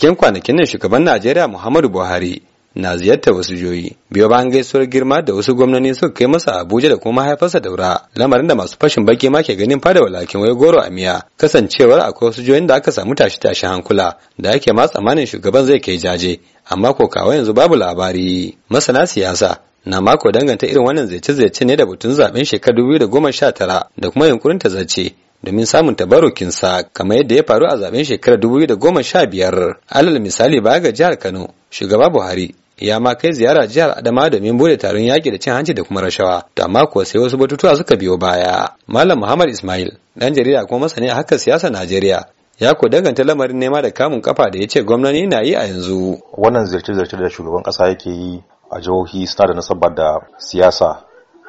cikin kwanakin nan shugaban najeriya muhammadu buhari na ziyartar wasu jihohi biyo bayan gaisuwar girma da wasu gwamnoni suka kai masa abuja da kuma mahaifarsa daura lamarin da masu fashin baki ma ke ganin fada walakin wai goro a miya kasancewar akwai wasu jihohin da aka samu tashi tashi hankula da ake ma tsamanin shugaban zai kai jaje amma ko kawai yanzu babu labari masana siyasa na mako danganta irin wannan zai ci ne da butun zaben shekarar 2019 da kuma yunkurin ta zace domin samun tabarukinsa kamar yadda ya faru a zaben shekarar 2015 alal misali ba ga jihar kano shugaba buhari ya ma kai ziyara jihar adama domin bude taron yaƙi da cin hanci da kuma rashawa to amma kuwa sai wasu batutuwa suka biyo baya malam muhammad ismail dan jarida kuma masani a harkar siyasa najeriya ya ko danganta lamarin nema da kamun kafa da ya ce gwamnati na yi a yanzu wannan zirce-zirce da shugaban kasa yake yi a jihohi suna da nasaba da siyasa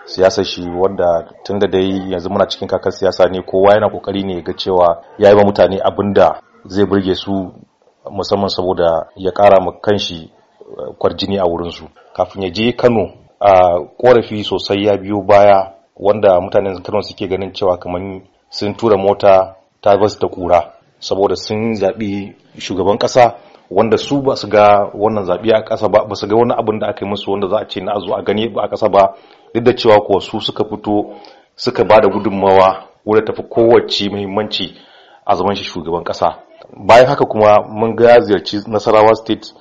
siyasa shi wanda tun da dai yanzu muna cikin kakar siyasa ne kowa yana kokari ne ga cewa ya yi wa mutane abin da zai burge su musamman saboda ya kara ma kanshi eh, kwarjini a wurinsu kafin ya je kano a korafi sosai ya biyo baya wanda mutanen kano suke ganin cewa kamar sun tura mota ta basu da kura saboda sun zaɓi shugaban ƙasa wanda su ba su ga wannan zabi a ƙasa ba ba su ga wani abin da aka yi musu wanda za a ce na zo a gani ba a kasa ba duk da cewa kuwa su suka fito suka ba da gudunmawa wadda tafi kowace muhimmanci a zaman shi shugaban kasa. bayan haka kuma mun ga ziyarci nasarawa state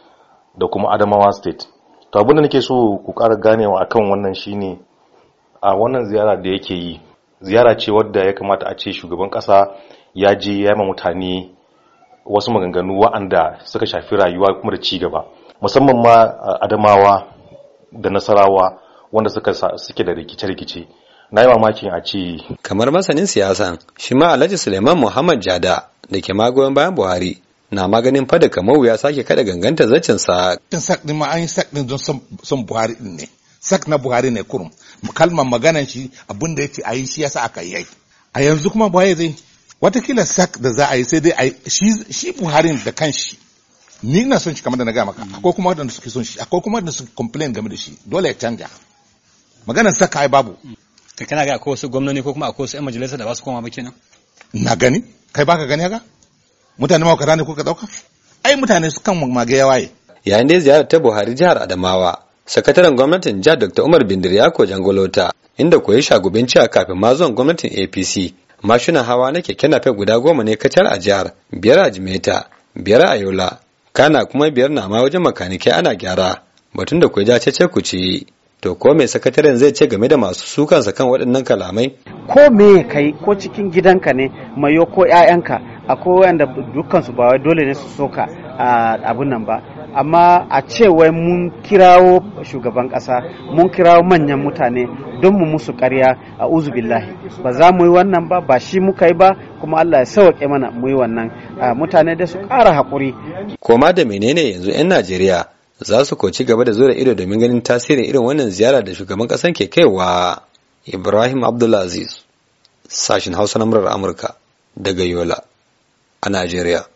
da kuma adamawa state to abin da nake so ku ƙara ganewa akan wannan shine a wannan ziyara da yake yi ziyara ce wadda ya kamata a ce shugaban ƙasa ya je ya yi mutane wasu maganganu wa'anda suka shafi rayuwa kuma da ci gaba musamman ma adamawa da nasarawa wanda suka suke da rikice-rikice na yi mamakin a ce kamar masanin siyasa shi ma alhaji suleiman muhammad jada da ke magoyan bayan buhari na maganin fada kamar wuya sake kada ganganta zaccen sa in sak ma an yi sak din don son buhari din ne sak na buhari ne kurum kalmar maganan shi abin da ayi yi siyasa aka yi a yanzu kuma buhari zai watakila sak da za a yi sai dai a shi shi buharin da kanshi ni na son shi kamar da na gaya maka akwai kuma wadanda suke son shi akwai kuma wadanda suke complain game da shi dole ya canja maganar saka ai babu kai kana ga akwai wasu gwamnati ko kuma akwai wasu 'yan majalisa da ba su koma ba kenan na gani kai baka gani haka mutane ma kaza ko ka dauka ai mutane su kan mage ya waye yayin da ziyarar ta Buhari jihar Adamawa sakataren gwamnatin jihar Dr Umar Bindir ko Jangolota inda koyi shagubinci a kafin ma zuwan gwamnatin APC mashinan hawa na keke na fai guda goma ne kacal a jihar biyar a jimeta biyar a yola kana kuma biyar na ma wajen makanike ana gyara batun da kuwa ja ce ku ci, to ko mai sakataren zai ce game da masu sukansa kan waɗannan kalamai ko me kai ko cikin gidanka ne mayo ko 'ya'yanka akwai wanda dukkansu ba dole ne su soka abun nan ba amma a cewa mun kirawo shugaban ƙasa, mun kirawo manyan mutane don mu musu karya a uzubillahi ba za mu yi wannan ba ba shi muka yi ba kuma Allah ya sauke mana mu yi wannan mutane da su ƙara haƙuri koma da menene yanzu 'yan Najeriya za su ko ci gaba da zura ido domin ganin tasirin irin wannan ziyara da shugaban ƙasan ke kaiwa Ibrahim Abdulaziz sashin Hausa na murar Amurka daga Yola a Najeriya